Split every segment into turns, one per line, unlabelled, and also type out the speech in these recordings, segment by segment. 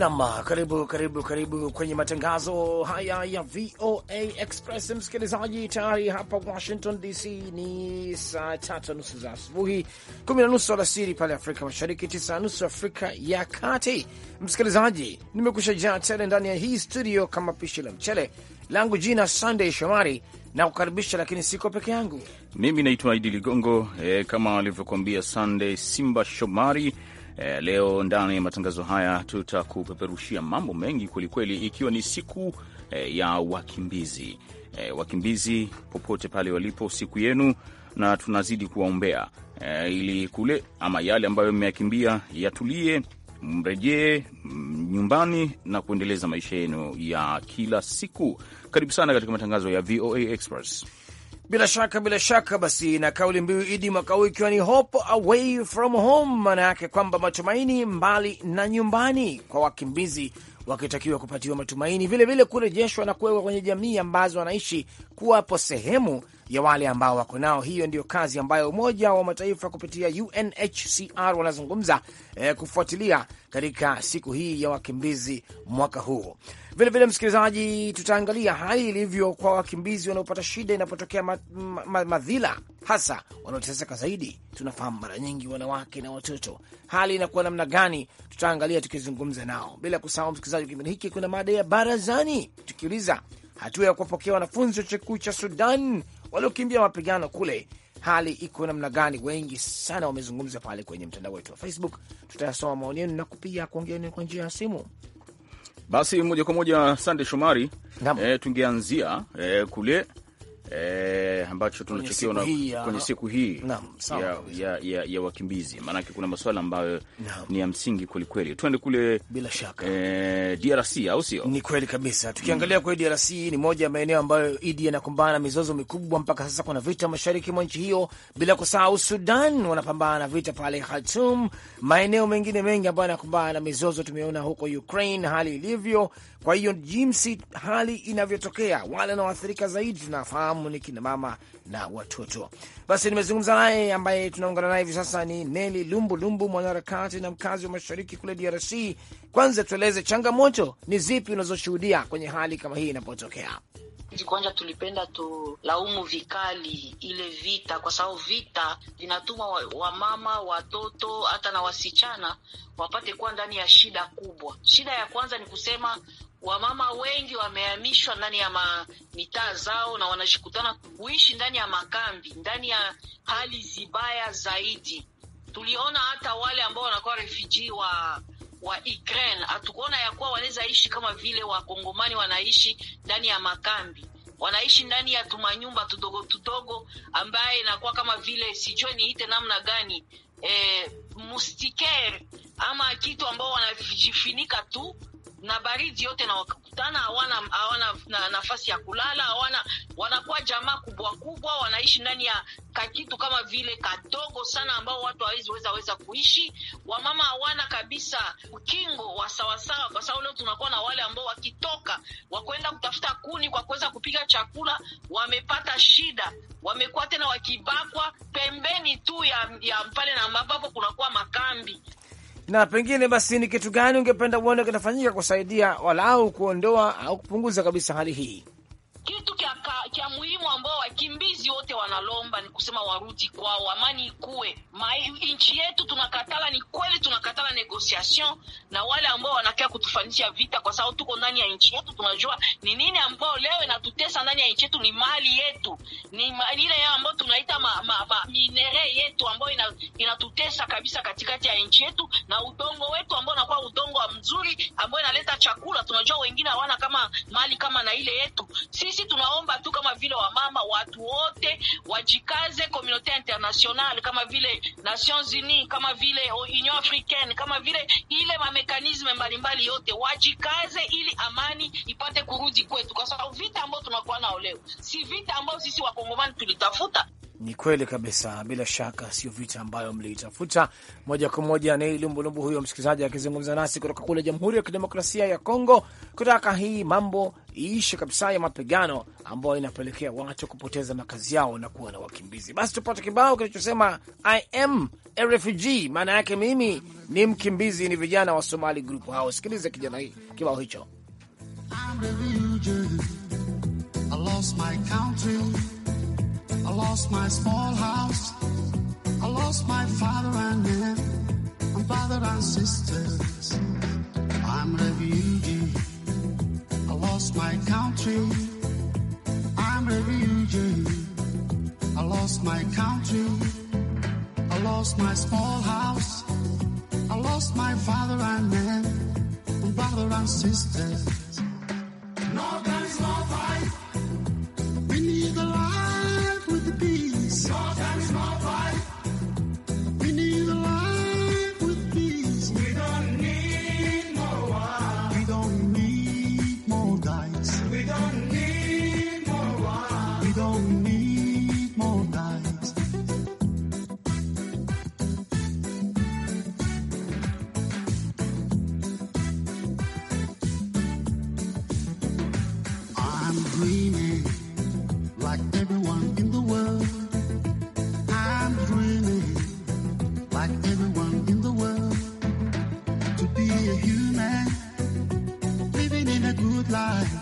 Nam, ah, karibu karibu karibu kwenye matangazo haya ya VOA Express msikilizaji, tayari hapa Washington DC ni saa tatu nusu za asubuhi, kumi na nusu alasiri pale Afrika Mashariki, tisa na nusu Afrika ya Kati. Msikilizaji, nimekusha jaa tele ndani ya hii studio kama pishi la mchele langu. Jina Sunday Shomari na kukaribisha, lakini siko peke yangu.
Mimi naitwa Idi Ligongo. E, kama alivyokuambia Sunday Simba Shomari Eh, leo ndani ya matangazo haya tutakupeperushia mambo mengi kwelikweli, ikiwa ni siku eh, ya wakimbizi eh, wakimbizi popote pale walipo, siku yenu na tunazidi kuwaombea eh, ili kule ama yale ambayo mmeyakimbia yatulie, mrejee mm, nyumbani na kuendeleza maisha yenu ya kila siku. Karibu sana katika matangazo ya VOA Express.
Bila shaka bila shaka, basi na kauli mbiu Idi
mwaka huu ikiwa ni hope away from
home, maana yake kwamba matumaini mbali na nyumbani, kwa wakimbizi wakitakiwa kupatiwa matumaini, vilevile kurejeshwa na kuwekwa kwenye jamii ambazo wanaishi, kuwapo sehemu ya wale ambao wako nao. Hiyo ndiyo kazi ambayo Umoja wa Mataifa kupitia UNHCR wanazungumza eh, kufuatilia katika siku hii ya wakimbizi mwaka huu. Vilevile msikilizaji, tutaangalia hali ilivyo kwa wakimbizi wanaopata shida inapotokea madhila ma, ma, ma, hasa wanaoteseka zaidi. Tunafahamu mara nyingi wanawake na watoto, hali inakuwa namna gani? Tutaangalia tukizungumza nao, bila kusahau msikilizaji, kipindi hiki kuna mada ya barazani, tukiuliza hatua ya kuwapokea wanafunzi wa chuo kikuu cha Sudan waliokimbia mapigano kule hali iko namna gani? Wengi sana wamezungumza pale kwenye mtandao wetu wa Facebook. Tutayasoma maoni yenu na kupia kuongea kwa njia ya simu.
Basi moja kwa moja, Sande Shomari, e, tungeanzia e, kule e, ambacho tunachokiona kwenye siku hii ya, ya, ya, ya wakimbizi, maanake kuna masuala ambayo ni ya msingi kwelikweli. Tuende kule bila shaka eh, DRC au sio? Ni kweli kabisa. Mm. Tukiangalia
mm, DRC ni moja ya maeneo ambayo idi yanakumbana na mizozo mikubwa mpaka sasa. Kuna vita mashariki mwa nchi hiyo, bila kusahau Sudan wanapambana na vita pale Khartoum, maeneo mengine mengi ambayo yanakumbana na mizozo. Tumeona huko Ukraine hali ilivyo kwa hiyo jinsi hali inavyotokea, wale wanaoathirika zaidi tunafahamu ni kinamama na watoto. Basi nimezungumza naye ambaye tunaungana naye hivi sasa ni Neli Lumbulumbu, mwanaharakati na mkazi wa mashariki kule DRC. Kwanza tueleze changamoto ni zipi unazoshuhudia kwenye hali kama hii inapotokea?
Kwanza tulipenda tulaumu vikali ile vita, kwa sababu vita vinatuma wamama wa watoto hata na wasichana wapate kuwa ndani ya shida kubwa. Shida ya kwanza ni kusema wamama wengi wamehamishwa ndani ya mitaa zao na wanashikutana kuishi ndani ya makambi, ndani ya hali zibaya zaidi. Tuliona hata wale ambao wanakuwa refuji wa wa Ukraine, hatukuona ya kuwa wanaweza ishi kama vile wakongomani wanaishi ndani ya makambi, wanaishi ndani ya tumanyumba tudogo tudogo, ambaye inakuwa kama vile sijue niite namna gani, e, eh, mustiker ama kitu ambao wanajifinika tu na baridi yote na wakakutana, hawana hawana na, nafasi ya kulala, hawana wanakuwa jamaa kubwa kubwa, wanaishi ndani ya kakitu kama vile kadogo sana, ambao watu hawezi weza weza kuishi. Wamama hawana kabisa ukingo wa sawasawa, kwa sababu leo tunakuwa na wale ambao wakitoka wakwenda kutafuta kuni kwa kuweza kupiga chakula wamepata shida, wamekuwa tena wakibakwa pembeni tu ya, ya pale na ambapo kunakuwa makambi
na pengine basi ni kitu gani ungependa uone kinafanyika kusaidia walau kuondoa au kupunguza kabisa hali hii? kitu kya,
kya muhimu ambao wakimbizi wote wanalomba ni kusema warudi kwao, amani ikuwe nchi yetu. Tunakatala, ni kweli tunakatala negociation na wale ambao wanakaa kutufanisha vita, kwa sababu tuko ndani ya nchi yetu, tunajua ni nini ambao leo inatutesa ndani ya nchi yetu. Ni mali yetu, ni ile ambayo tunaita ma, ma, ma, minere yetu ambayo inatutesa kabisa katikati ya nchi yetu, na udongo wetu ambao unakuwa udongo wa mzuri ambao inaleta chakula. Tunajua wengine hawana kama mali kama na ile yetu si sisi tunaomba tu kama vile wamama, watu wote wajikaze, komunote international kama vile Nations Unies, kama vile Union Africaine, kama vile ile mamekanisme mbalimbali yote wajikaze, ili amani ipate kurudi kwetu, kwa sababu vita ambayo tunakuwa nao leo si vita ambayo sisi wakongomani tulitafuta.
Ni kweli kabisa, bila shaka sio vita ambayo mliitafuta moja kwa moja. Ni Lumbulumbu huyo msikilizaji akizungumza nasi kutoka kule Jamhuri ya Kidemokrasia ya Kongo, kutaka hii mambo iishe kabisa ya mapigano ambayo inapelekea watu kupoteza makazi yao na kuwa na wakimbizi. Basi tupate kibao kinachosema I am a refugee, maana yake mimi ni mkimbizi. Ni vijana wa Somali group hao. Sikilize kijana hii kibao hicho
I'm I lost my small house. I lost my father and aunt, my brother and sisters. I'm refugee. I lost my country. I'm refugee. I lost my country. I lost my small house. I lost my father and aunt, my brother and sisters. good life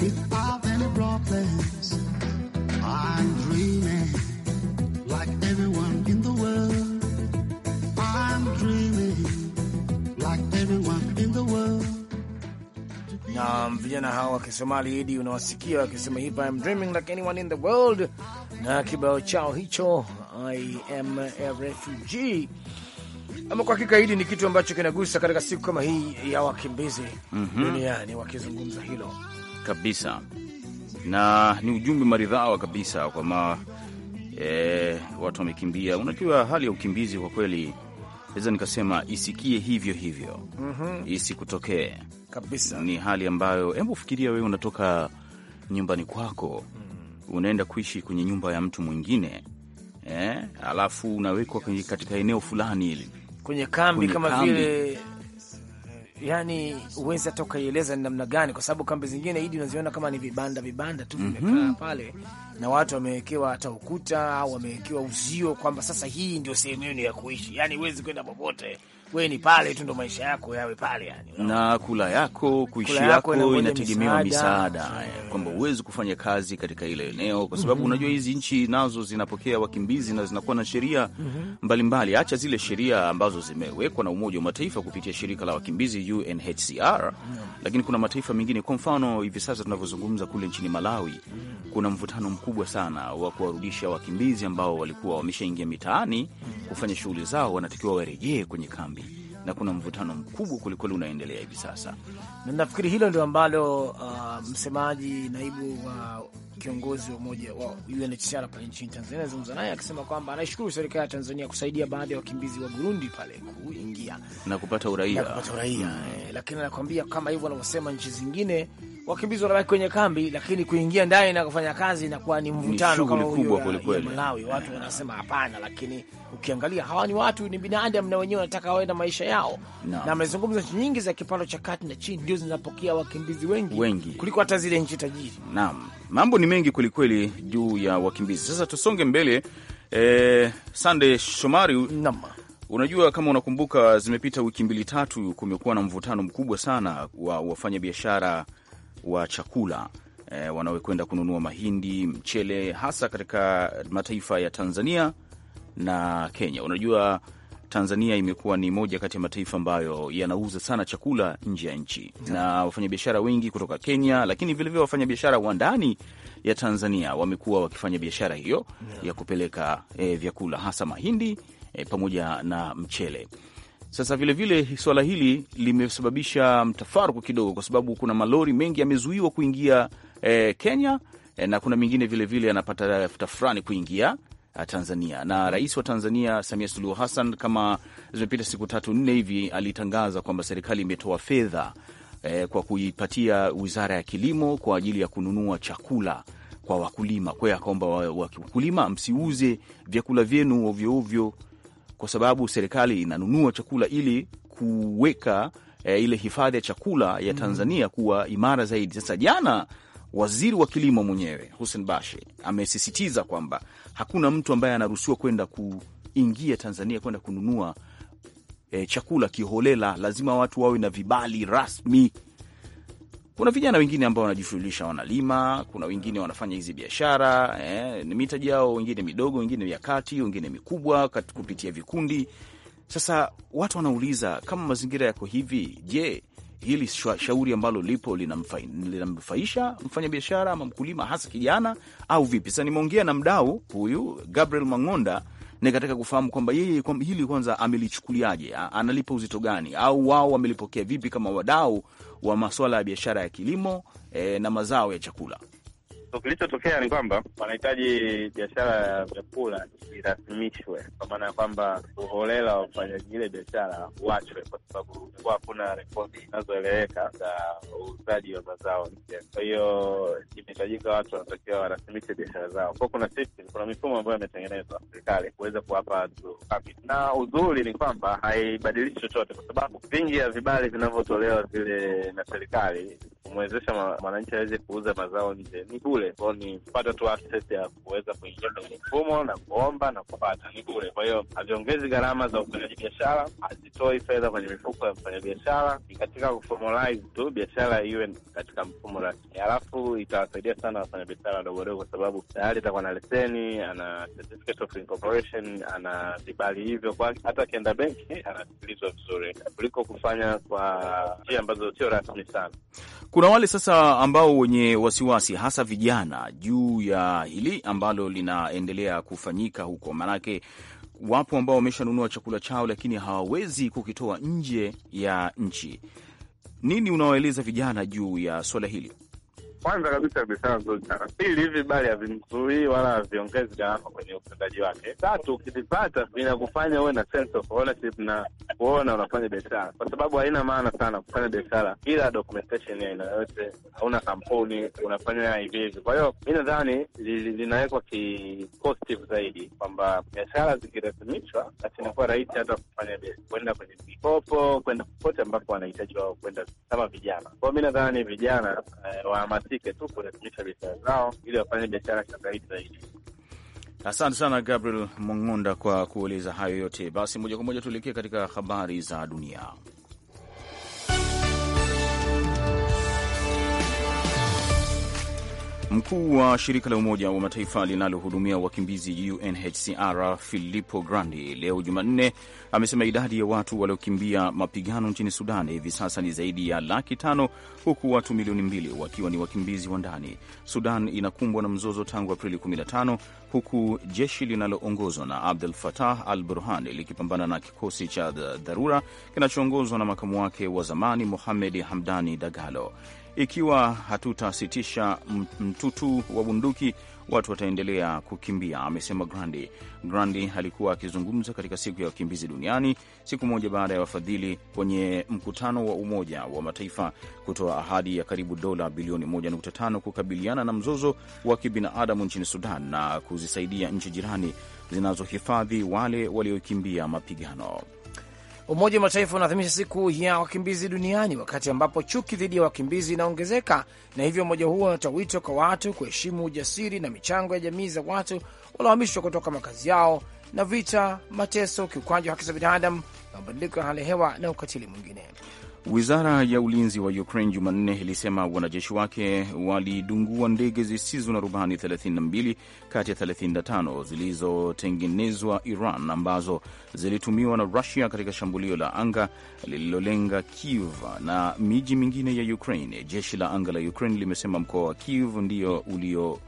without any problems. I'm dreaming like everyone in the world. I'm dreaming like everyone in the world.
Na vijana hawa Kisomali Idi unawasikia wakisema hip I'm dreaming like anyone in the world, na kibao chao hicho I am a refugee Ama kwa hakika hili ni kitu ambacho kinagusa katika siku kama hii ya wakimbizi
mm -hmm. duniani,
wakizungumza hilo
kabisa, na ni ujumbe maridhawa kabisa kwama e, watu wamekimbia. Unajua hali ya ukimbizi kwa kweli naweza nikasema isikie hivyo hivyo mm -hmm. isikutokee kabisa. Ni hali ambayo, hebu fikiria wewe unatoka nyumbani kwako mhm. unaenda kuishi kwenye nyumba ya mtu mwingine eh, alafu unawekwa katika eneo fulani hili kwenye kambi kwenye kama kambi. vile
eh, yani huwezi hata ukaieleza ni namna gani, kwa sababu kambi zingine hidi unaziona kama ni vibanda vibanda tu vimekaa mm -hmm. pale na watu wamewekewa hata ukuta au wamewekewa uzio kwamba sasa hii ndio sehemu yenu ya kuishi, yani huwezi kwenda popote wewe ni pale tu, ndo maisha yako yawe pale yani,
know? na kula yako kuishi kula yako, yako inategemewa misaada, eh, kwamba huwezi kufanya kazi katika ile eneo kwa sababu mm -hmm. Unajua hizi nchi nazo zinapokea wakimbizi na zinakuwa na sheria mm -hmm. mbalimbali, acha zile sheria ambazo zimewekwa na Umoja wa Mataifa kupitia shirika la wakimbizi UNHCR mm -hmm. Lakini kuna mataifa mengine, kwa mfano hivi sasa tunavyozungumza kule nchini Malawi mm -hmm. kuna mvutano mkubwa sana wa kuwarudisha wakimbizi ambao walikuwa wameshaingia mitaani mhm. kufanya shughuli zao, wanatakiwa warejee kwenye kambi na kuna mvutano mkubwa kwelikweli unaendelea hivi sasa na nafikiri
hilo ndio ambalo uh, msemaji naibu wa kiongozi wa umoja wa UNHCR pale nchini Tanzania anazungumza naye akisema kwamba anaishukuru serikali ya Tanzania kusaidia baadhi ya wakimbizi wa Burundi pale kuingia
na kupata uraia, na kupata uraia. Mm.
Lakini anakwambia kama hivyo wanavyosema nchi zingine wakimbizi wanabaki kwenye kambi, lakini kuingia ndani na kufanya kazi inakuwa ni mvutano kama huyo wa Malawi. Watu wanasema hapana, lakini ukiangalia hawa ni watu, ni binadamu na wenyewe wanataka wawe na maisha yao no. Na amezungumza nchi nyingi za kipato cha kati na chini ndio zinapokea wakimbizi wengi, wengi kuliko hata zile nchi tajiri.
Naam, mambo ni mengi kwelikweli juu ya wakimbizi. Sasa tusonge mbele. Eh, Sande Shomari, naam. Unajua, kama unakumbuka, zimepita wiki mbili tatu, kumekuwa na mvutano mkubwa sana wa wafanyabiashara wa chakula e, wanaokwenda kununua mahindi, mchele, hasa katika mataifa ya Tanzania na Kenya. Unajua Tanzania imekuwa ni moja kati ya mataifa ambayo yanauza sana chakula nje ya nchi na wafanyabiashara wengi kutoka Kenya, lakini vilevile wafanyabiashara wa ndani ya Tanzania wamekuwa wakifanya biashara hiyo yeah. ya kupeleka e, vyakula hasa mahindi e, pamoja na mchele. Sasa vilevile swala hili limesababisha mtafaruku kidogo, kwa sababu kuna malori mengi yamezuiwa kuingia e, Kenya e, na kuna mingine vilevile yanapata fulani kuingia Uh, Tanzania na rais wa Tanzania Samia Suluhu Hassan, kama zimepita siku tatu nne hivi, alitangaza kwamba serikali imetoa fedha eh, kwa kuipatia wizara ya kilimo kwa ajili ya kununua chakula kwa wakulima. Kwa hiyo akaomba wakulima, msiuze vyakula vyenu ovyoovyo, kwa sababu serikali inanunua chakula ili kuweka eh, ile hifadhi ya chakula ya mm-hmm. Tanzania kuwa imara zaidi. Sasa jana Waziri wa kilimo mwenyewe Hussein Bashe amesisitiza kwamba hakuna mtu ambaye anaruhusiwa kwenda kuingia Tanzania kwenda kununua e, chakula kiholela. Lazima watu wawe na vibali rasmi. Kuna vijana wengine ambao wanajishughulisha, wanalima, kuna wengine wanafanya hizi biashara eh, ni mitaji yao, wengine midogo, wengine ya kati, wengine mikubwa, kupitia vikundi. Sasa watu wanauliza kama mazingira yako hivi, je, hili shauri ambalo lipo linamfaisha mfanyabiashara ama mkulima, hasa kijana au vipi? Sasa nimeongea na mdau huyu Gabriel Mang'onda nikataka kufahamu kwamba yeye kwa hili kwanza amelichukuliaje, analipa uzito gani, au wao wamelipokea vipi kama wadau wa masuala ya biashara ya kilimo e, na mazao ya chakula.
So kilichotokea ni kwamba wanahitaji biashara ya vyakula irasimishwe, kwa maana ya kwamba uholela wa ufanyaji ile biashara uachwe, kwa sababu kuwa hakuna rekodi zinazoeleweka za uuzaji wa mazao nje. Kwa hiyo imehitajika watu wanatakiwa warasimishe biashara zao, kwa kuna system, kuna mifumo ambayo imetengenezwa serikali kuweza kuwapa na uzuri ni kwamba haibadilishi chochote, kwa sababu vingi ya vibali vinavyotolewa vile na serikali kumwezesha mwananchi aweze kuuza mazao nje ni bule kwao, ni kupata tu access ya kuweza kuingia kwenye mfumo na kuomba na kupata, ni bule Kwa hiyo haviongezi gharama za ufanyaji biashara, hazitoi fedha kwenye mifuko ya mfanyabiashara. Ni katika kuformalize tu biashara iwe katika mfumo rasmi, halafu itawasaidia sana wafanyabiashara wadogodogo, kwa sababu tayari itakuwa na leseni, ana certificate of incorporation, ana vibali hivyo, kwa hata akienda benki anasikilizwa vizuri kuliko kufanya kwa njia ambazo sio rasmi sana.
Kuna wale sasa ambao wenye wasiwasi hasa vijana juu ya hili ambalo linaendelea kufanyika huko, maanake wapo ambao wameshanunua chakula chao lakini hawawezi kukitoa nje ya nchi. Nini unawaeleza vijana juu ya swala hili?
Kwanza kabisa amesema nzuri sana. Pili, hivi bali havimzuii wala haviongezi gharama kwenye utendaji wake. Tatu, ukivipata vinakufanya uwe na sense of ownership na kuona unafanya biashara, kwa sababu haina maana sana kufanya biashara bila documentation ya aina yoyote. Hauna kampuni, unafanya hivi hivi. Kwa hiyo mi nadhani linawekwa ki zaidi kwamba biashara zikirasimishwa, basi inakuwa rahisi hata kufanya kwenda kwenye mikopo, kwenda popote ambapo wanahitaji wao kwenda kama vijana. Kwao mi nadhani vijana eh, wa wapumzike tu kurekebisha biashara zao ili wafanye biashara shangahidi zaidi.
Asante sana Gabriel Mung'unda kwa kueleza hayo yote. Basi moja kwa moja tuelekee katika habari za dunia. Mkuu wa shirika la Umoja wa Mataifa linalohudumia wakimbizi UNHCR Filippo Grandi leo Jumanne amesema idadi ya watu waliokimbia mapigano nchini Sudan hivi sasa ni zaidi ya laki tano huku watu milioni mbili wakiwa ni wakimbizi wa ndani. Sudan inakumbwa na mzozo tangu Aprili 15 huku jeshi linaloongozwa na abdul fatah al Burhan likipambana na kikosi cha dharura kinachoongozwa na makamu wake wa zamani Mohamed Hamdani Dagalo. Ikiwa hatutasitisha mtutu wa bunduki, watu wataendelea kukimbia, amesema Grandi. Grandi alikuwa akizungumza katika siku ya wakimbizi duniani, siku moja baada ya wafadhili kwenye mkutano wa Umoja wa Mataifa kutoa ahadi ya karibu dola bilioni 1.5 kukabiliana na mzozo wa kibinadamu nchini Sudan na kuzisaidia nchi jirani zinazohifadhi wale waliokimbia mapigano.
Umoja wa Mataifa unaadhimisha siku ya wakimbizi duniani wakati ambapo chuki dhidi ya wakimbizi inaongezeka, na hivyo umoja huo unatoa wito kwa watu kuheshimu ujasiri na michango ya jamii za watu waliohamishwa kutoka makazi yao na vita, mateso, kiukwaji wa haki za binadamu, mabadiliko ya hali ya hewa na ukatili mwingine.
Wizara ya ulinzi wa Ukraine Jumanne ilisema wanajeshi wake walidungua ndege zisizo na rubani 32 kati ya 35 zilizotengenezwa Iran ambazo zilitumiwa na Rusia katika shambulio la anga lililolenga Kiev na miji mingine ya Ukraine. Jeshi la anga la Ukraine limesema mkoa wa Kiev ndio ulio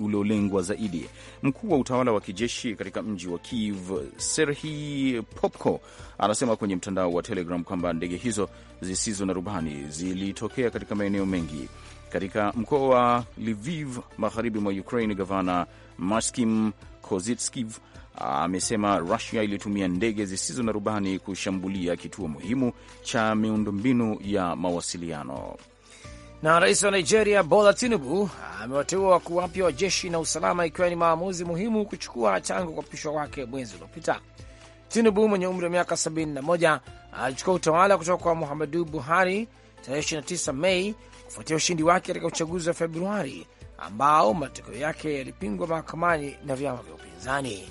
uliolengwa zaidi. Mkuu wa utawala wa kijeshi katika mji wa Kiev, Serhi Popko, anasema kwenye mtandao wa Telegram kwamba ndege hizo zisizo na rubani zilitokea katika maeneo mengi katika mkoa wa Lviv, magharibi mwa Ukraine. Gavana maskim Kozitskiv amesema Rusia ilitumia ndege zisizo na rubani kushambulia kituo muhimu cha miundombinu ya mawasiliano.
Na rais wa Nigeria Bola Tinubu amewateua wakuu wapya wa jeshi na usalama, ikiwa ni maamuzi muhimu kuchukua tangu kuapishwa kwake mwezi uliopita. Tinubu mwenye umri wa miaka 71 alichukua utawala kutoka kwa Muhammadu Buhari tarehe 29 Mei kufuatia ushindi wake katika uchaguzi wa Februari ambao matokeo yake yalipingwa mahakamani na vyama vya upinzani.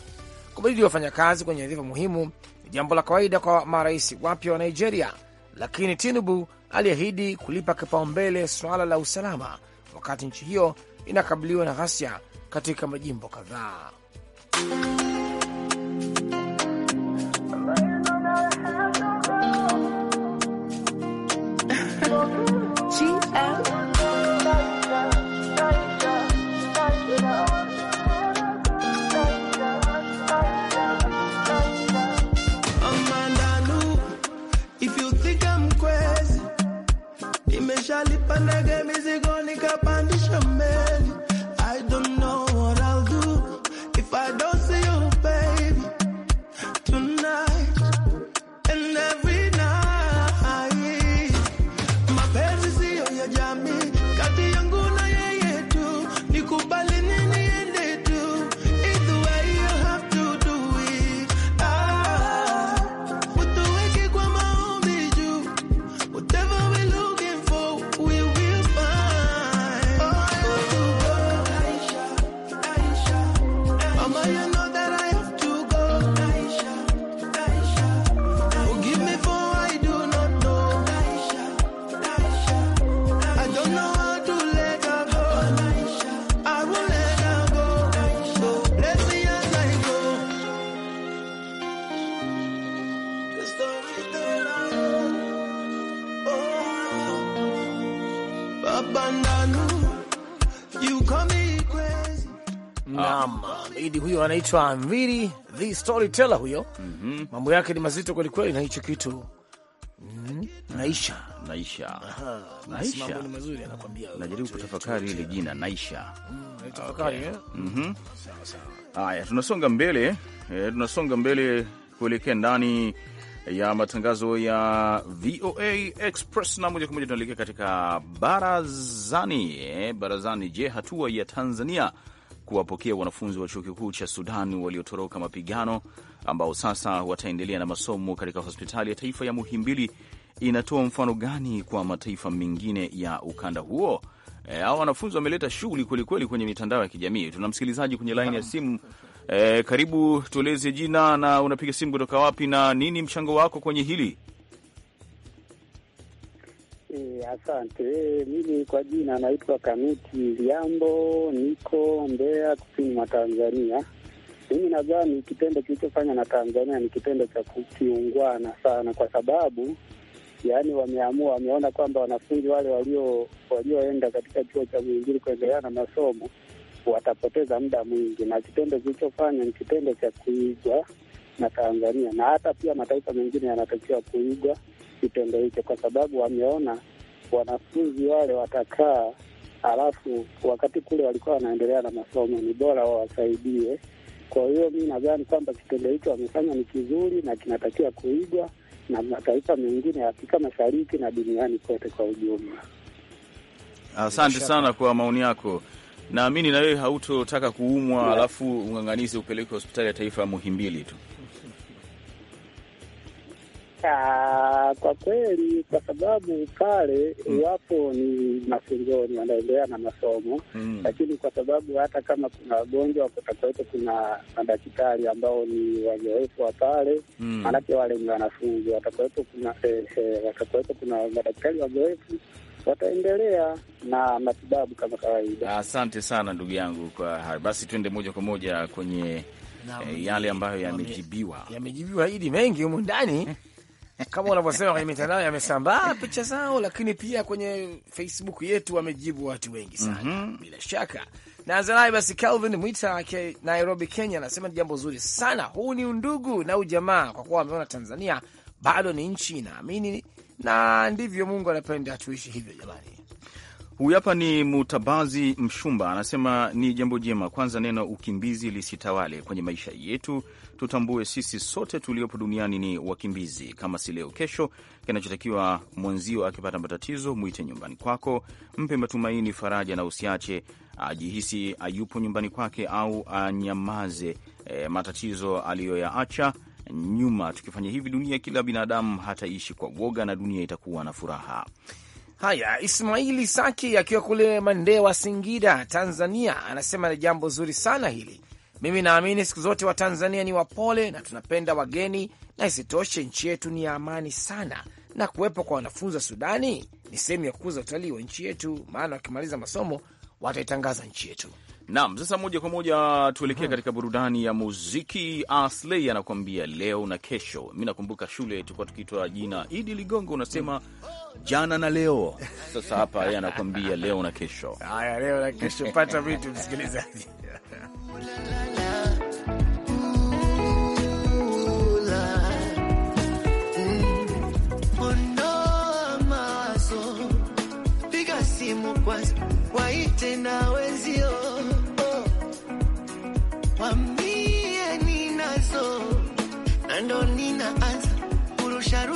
Kubadili wafanyakazi kwenye nyadhifa muhimu ni jambo la kawaida kwa marais wapya wa Nigeria, lakini Tinubu aliahidi kulipa kipaumbele suala la usalama wakati nchi hiyo inakabiliwa na ghasia katika majimbo kadhaa. I'm panagar Naam, Idi huyo anaitwa Mviri the Storyteller huyo. mm -hmm. Mambo yake ni mazito kweli kweli na hicho kitu mm, naisha naisha naisha mambo ni mazuri, anakuambia
najaribu kutafakari ile jina naisha. Mm, tafakari eh? Mhm. mm sawa. Haya, tunasonga mbele Eh, tunasonga mbele kuelekea ndani ya matangazo ya VOA Express na moja kwa moja tunaelekea katika barazani. Eh, barazani. Je, hatua ya Tanzania kuwapokea wanafunzi wa chuo kikuu cha Sudan waliotoroka mapigano ambao sasa wataendelea na masomo katika hospitali ya taifa ya Muhimbili inatoa mfano gani kwa mataifa mengine ya ukanda huo? E, wanafunzi wameleta shughuli kwelikweli kwenye mitandao ya kijamii. Tuna msikilizaji kwenye laini ya simu. E, karibu tueleze jina na unapiga simu kutoka wapi na nini mchango wako kwenye hili?
E, asante. E, mimi kwa jina naitwa Kanuti Liambo, niko Mbeya, kusini mwa Tanzania. Mimi nadhani kitendo kilichofanywa na Tanzania ni kitendo cha kukiungwana sana, kwa sababu yaani wameamua, wameona kwamba wanafunzi wale walio walioenda katika chuo cha uinjili kuendelea na masomo watapoteza muda mwingi, na kitendo kilichofanywa ni kitendo cha kuigwa na Tanzania, na hata pia mataifa mengine yanatakiwa kuigwa kitendo hicho, kwa sababu wameona wanafunzi wale watakaa, halafu wakati kule walikuwa wanaendelea na masomo, ni bora wawasaidie. Kwa hiyo mi nadhani kwamba kitendo hicho wamefanya ni kizuri na kinatakiwa kuigwa na mataifa mengine ya Afrika Mashariki na duniani kote kwa ujumla.
Asante sana kwa maoni yako. Naamini na wewe hautotaka kuumwa, alafu ung'ang'anize upelekwe hospitali ya taifa ya Muhimbili tu
kwa kweli kwa sababu pale hmm. iwapo wapo ni mafunzoni, wanaendelea na masomo mm. lakini kwa sababu hata kama kuna wagonjwa kutakuwepo, kuna madaktari ambao ni wazoefu wa pale mm. maanake wale ni wanafunzi, watakuwepo kuna eh, eh, watakuwepo kuna madaktari wazoefu wataendelea na matibabu kama kawaida.
Asante sana ndugu yangu kwa hayo. Basi tuende moja kwa moja kwenye na, e, yale ambayo yamejibiwa yamejibiwa idi mengi
humu ndani kama unavyosema kwenye mitandao yamesambaa eh, picha zao, lakini pia kwenye Facebook yetu wamejibu watu wengi sana mm -hmm. Bila shaka naanza naye basi, Calvin Mwita ke Nairobi, Kenya, anasema ni jambo zuri sana. Huu ni undugu na ujamaa, kwa kuwa wameona Tanzania bado ni nchi inaamini, na ndivyo Mungu anapenda tuishi hivyo, jamani.
Huyu hapa ni Mutabazi Mshumba, anasema ni jambo jema. Kwanza neno ukimbizi lisitawale kwenye maisha yetu, tutambue sisi sote tuliopo duniani ni wakimbizi. Kama si leo, kesho. Kinachotakiwa mwenzio akipata matatizo, mwite nyumbani kwako, mpe matumaini, faraja, na usiache ajihisi ayupo nyumbani kwake au anyamaze e, matatizo aliyoyaacha nyuma. Tukifanya hivi, dunia, kila binadamu hataishi kwa woga na dunia itakuwa na furaha. Haya,
Ismaili Saki akiwa kule Mandewa, Singida, Tanzania, anasema ni jambo zuri sana hili. Mimi naamini siku zote Watanzania ni wapole na tunapenda wageni, na isitoshe nchi yetu ni ya amani sana, na kuwepo kwa wanafunzi wa Sudani ni sehemu ya kukuza utalii wa nchi yetu, maana wakimaliza masomo wataitangaza nchi yetu.
Naam, sasa moja kwa moja tuelekee hmm. katika burudani ya muziki. Asley anakuambia leo na kesho. Mi nakumbuka shule tulikuwa tukiitwa jina Idi Ligongo, unasema hmm. jana na leo. Sasa hapa yeye anakuambia leo na kesho. Haya, leo na kesho, pata vitu msikilizaji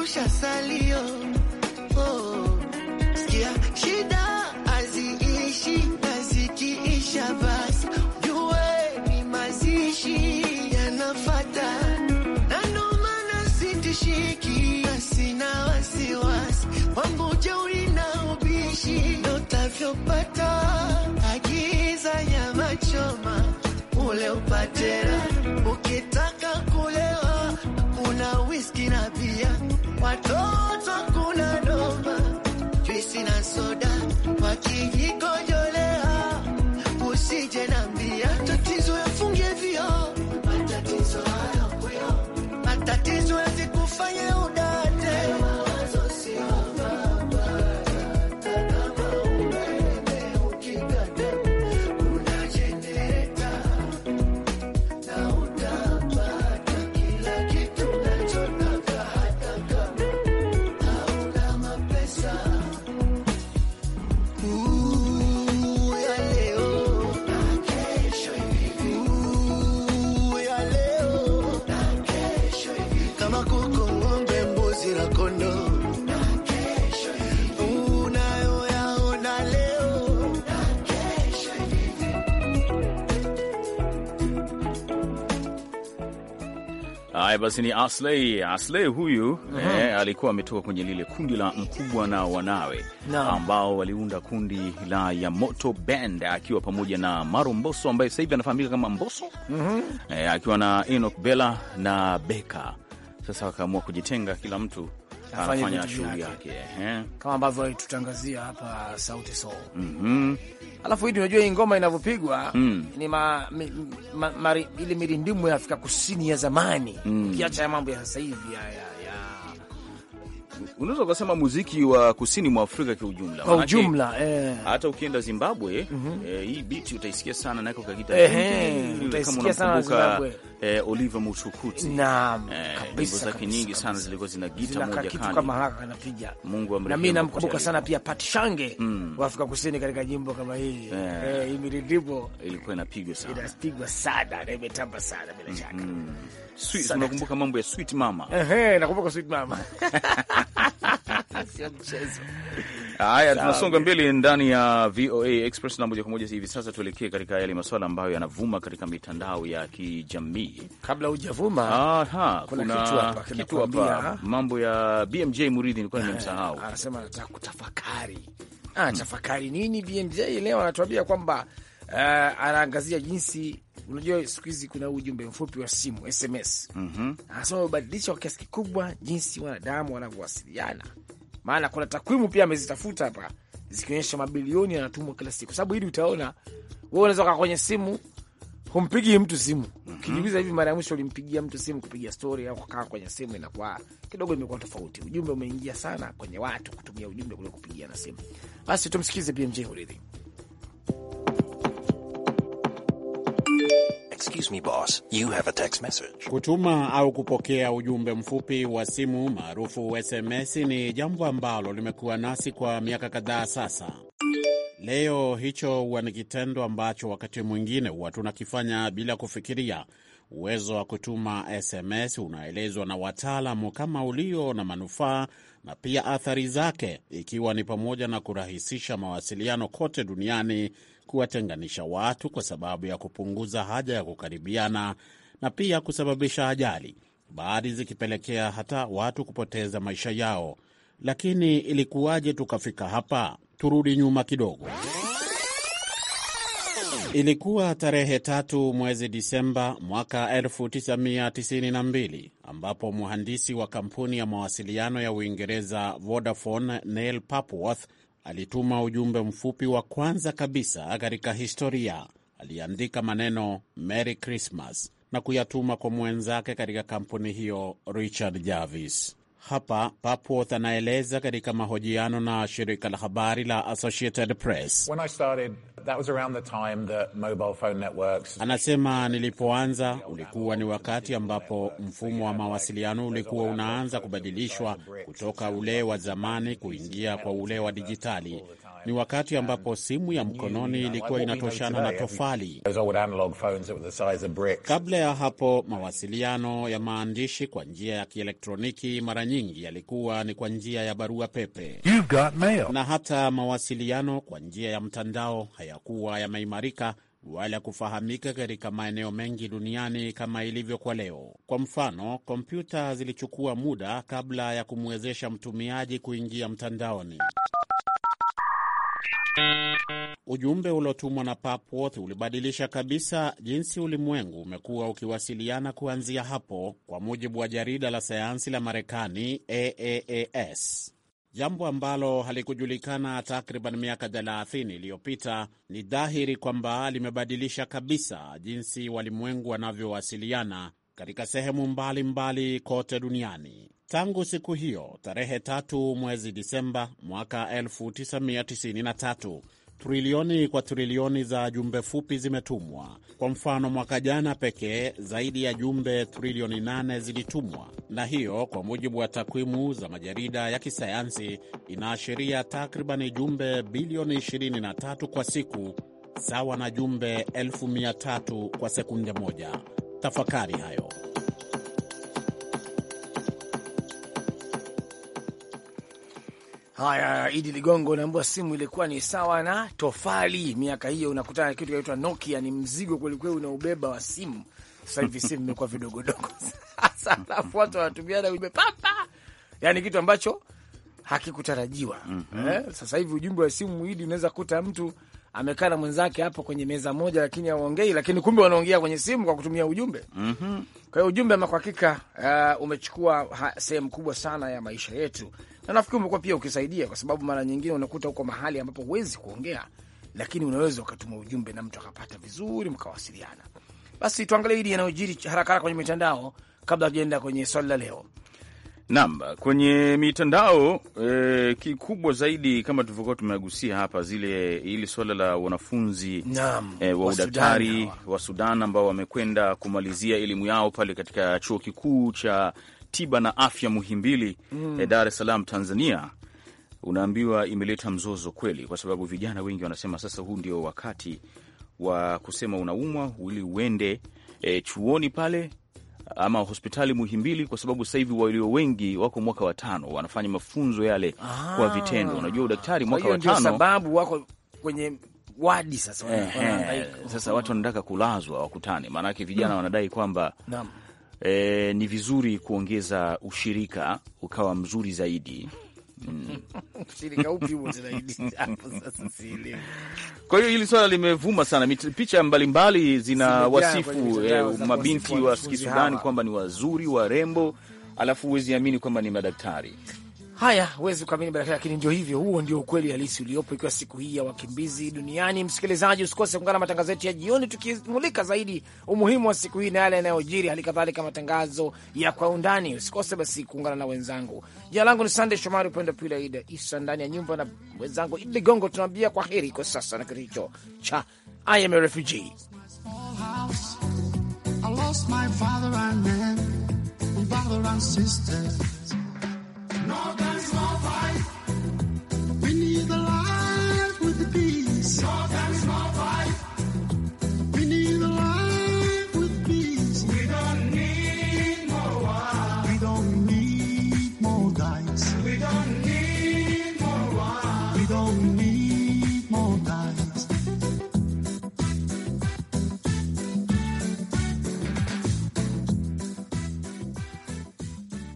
kuangusha salio oh. Sikia shida aziishi nazikiisha basi jue ni mazishi yanafata, na ndo maana sitishiki na sina wasiwasi wangu jeuri na ubishi notavyopata agiza nyama choma ule upatera miskina pia watoto kuna noma juisi na soda wakija
Haya basi, ni Asley. Asley huyu mm -hmm. eh, alikuwa ametoka kwenye lile kundi la Mkubwa na wanawe no. ambao waliunda kundi la Yamoto Band akiwa pamoja na Maro Mboso ambaye sasa hivi anafahamika kama Mboso mm -hmm. eh, akiwa na Enoch Bella na Beka. Sasa wakaamua kujitenga kila mtu anafanya shughuli yake
kama ambavyo tutangazia hapa Sauti Sol.
mm -hmm.
Alafu hidi, unajua hii ngoma inavyopigwa mm. ni ma, mi, ma, ma, ili mirindimu ya Afrika Kusini ya zamani mm. kiacha ya mambo ya sasa hivi ya, ya, ya.
Unaweza ukasema muziki wa kusini mwa Afrika kiujumla, kwa ujumla eh. Hata ukienda Zimbabwe mm -hmm. eh, hii biti utaisikia sana nako kakita eh, utaisikia sana Zimbabwe eh, Oliver Mutukudzi naam, eh, nyimbo zake nyingi sana zilikuwa zina gita moja kali, kitu kama haka kanapiga. Mungu amrehemu. Na mimi namkumbuka sana
pia Pat Shange mm, wa Afrika Kusini katika jimbo kama hili eh, eh, imiridibo
ilikuwa inapigwa sana,
inapigwa sana na imetamba sana bila shaka
mm-hmm. Sweet, unakumbuka mambo ya Sweet Mama?
Ehe, nakumbuka Sweet Mama. Sio mchezo.
Haya, tunasonga mbele ndani ya VOA Express na moja kwa moja hivi sasa tuelekee katika yale masuala ambayo yanavuma katika mitandao ya kijamii. Kabla hujavuma, aha, kuna, kuna kitu hapa kitu hapa, mambo ya BMJ Muridhi nilikuwa nimemsahau, eh, anasema nataka kutafakari.
Ah, tafakari nini? BMJ leo anatuambia kwamba uh, anaangazia jinsi Unajua, siku hizi kuna ujumbe mfupi wa simu SMS, mhm. anasema mm -hmm. umebadilisha kwa kiasi kikubwa jinsi wanadamu wanavyowasiliana maana kuna takwimu pia amezitafuta hapa zikionyesha mabilioni yanatumwa kila siku, kwa sababu hili utaona wewe unaweza kaa kwenye simu humpigi mtu simu mhm. ukijiuliza, hivi mara ya mwisho ulimpigia mtu simu kupiga stori au kukaa kwenye simu? Inakuwa kidogo imekuwa tofauti, ujumbe umeingia sana kwenye watu kutumia ujumbe kuliko na simu. Basi
tumsikize BMJ Huridhi.
Excuse me boss, you have a text message.
Kutuma au kupokea ujumbe mfupi wa simu maarufu SMS ni jambo ambalo limekuwa nasi kwa miaka kadhaa sasa. Leo hicho huwa ni kitendo ambacho wakati mwingine huwa tunakifanya bila kufikiria. Uwezo wa kutuma SMS unaelezwa na wataalamu kama ulio na manufaa na pia athari zake, ikiwa ni pamoja na kurahisisha mawasiliano kote duniani kuwatenganisha watu kwa sababu ya kupunguza haja ya kukaribiana na pia kusababisha ajali, baadhi zikipelekea hata watu kupoteza maisha yao. Lakini ilikuwaje tukafika hapa? Turudi nyuma kidogo. Ilikuwa tarehe tatu mwezi Disemba mwaka 1992 ambapo mhandisi wa kampuni ya mawasiliano ya Uingereza Vodafone Neil Papworth alituma ujumbe mfupi wa kwanza kabisa katika historia. Aliandika maneno Merry Christmas na kuyatuma kwa mwenzake katika kampuni hiyo Richard Jarvis. Hapa Papworth anaeleza katika mahojiano na shirika la habari la Associated Press. When I started, that was around the time that mobile phone networks... Anasema nilipoanza ulikuwa ni wakati ambapo mfumo wa mawasiliano ulikuwa unaanza kubadilishwa kutoka ule wa zamani kuingia kwa ule wa dijitali ni wakati ambapo simu ya mkononi ilikuwa inatoshana na tofali. Kabla ya hapo, mawasiliano ya maandishi kwa njia ya kielektroniki mara nyingi yalikuwa ni kwa njia ya barua pepe, na hata mawasiliano kwa njia ya mtandao hayakuwa yameimarika wala kufahamika katika maeneo mengi duniani kama ilivyo kwa leo. Kwa mfano, kompyuta zilichukua muda kabla ya kumwezesha mtumiaji kuingia mtandaoni. Ujumbe uliotumwa na Papworth ulibadilisha kabisa jinsi ulimwengu umekuwa ukiwasiliana kuanzia hapo, kwa mujibu wa jarida la sayansi la Marekani AAAS. Jambo ambalo halikujulikana takriban miaka 30 iliyopita, ni dhahiri kwamba limebadilisha kabisa jinsi walimwengu wanavyowasiliana katika sehemu mbalimbali mbali kote duniani. Tangu siku hiyo tarehe tatu mwezi Disemba mwaka 1993 trilioni kwa trilioni za jumbe fupi zimetumwa. Kwa mfano, mwaka jana pekee zaidi ya jumbe trilioni 8 zilitumwa, na hiyo kwa mujibu wa takwimu za majarida ya kisayansi inaashiria takribani jumbe bilioni 23 kwa siku, sawa na jumbe elfu kwa sekunde moja. Tafakari hayo.
Haya, Idi Ligongo, naambua simu ilikuwa ni sawa na tofali miaka hiyo, unakutana kitu kinaitwa Nokia, ni mzigo kwelikweli unaubeba wa simu. Sasa hivi simu imekuwa vidogodogo sasa, alafu watu wanatumiana ujumbe papa, yaani kitu ambacho hakikutarajiwa mm -hmm. Eh, sasa hivi ujumbe wa simu Idi, unaweza kuta mtu amekaa na mwenzake hapo kwenye meza moja, lakini hawaongei, lakini kumbe wanaongea kwenye simu kwa kutumia ujumbe mm -hmm. Kwa hiyo ujumbe ama kwa hakika uh, umechukua sehemu kubwa sana ya maisha yetu na nafikiri umekuwa pia ukisaidia, kwa sababu mara nyingine unakuta huko mahali ambapo huwezi kuongea, lakini unaweza ukatuma ujumbe na mtu akapata vizuri, mkawasiliana. Basi tuangalie hili yanayojiri haraka haraka kwenye mitandao kabla tujaenda kwenye swali la leo.
Naam, kwenye mitandao e, kikubwa zaidi kama tulivyokuwa tumegusia hapa zile hili swala la wanafunzi e, wa udaktari wa Sudan ambao wamekwenda kumalizia elimu yao pale katika chuo kikuu cha tiba na afya Muhimbili, mm. Eh, Dar es Salaam, Tanzania, unaambiwa imeleta mzozo kweli, kwa sababu vijana wengi wanasema sasa huu ndio wakati wa kusema unaumwa ili uende e, chuoni pale ama hospitali Muhimbili, kwa sababu sasa hivi walio wengi wako mwaka wa tano wanafanya mafunzo yale Aha. kwa ah. vitendo. Unajua udaktari mwaka wa tano, sababu
wako kwenye wadi sasa. eh, sasa
watu wanataka kulazwa wakutane, maanake vijana mm. wanadai kwamba Naam e, ni vizuri kuongeza ushirika ukawa mzuri zaidi. Mm. Kwa hiyo hili swala limevuma sana, picha mbalimbali zina wasifu eh, mabinti wa Kisudani kwamba ni wazuri warembo, alafu huwezi amini kwamba ni madaktari.
Haya, huwezi kuamini baraka, lakini ndio hivyo, huo ndio ukweli halisi uliopo, ikiwa siku hii ya wakimbizi duniani. Msikilizaji, usikose kuungana na matangazo yetu ya jioni, tukimulika zaidi umuhimu wa siku hii na yale yanayojiri, hali kadhalika matangazo ya kwa undani. Usikose basi kuungana na wenzangu. Jina langu ni Sandey Shomari, upendo pila Ida Isa ndani ya nyumba na wenzangu Idi Ligongo, tunaambia kwa heri kwa sasa na kitu hicho cha I am a refugee.
I lost my father and man, and brother and sister.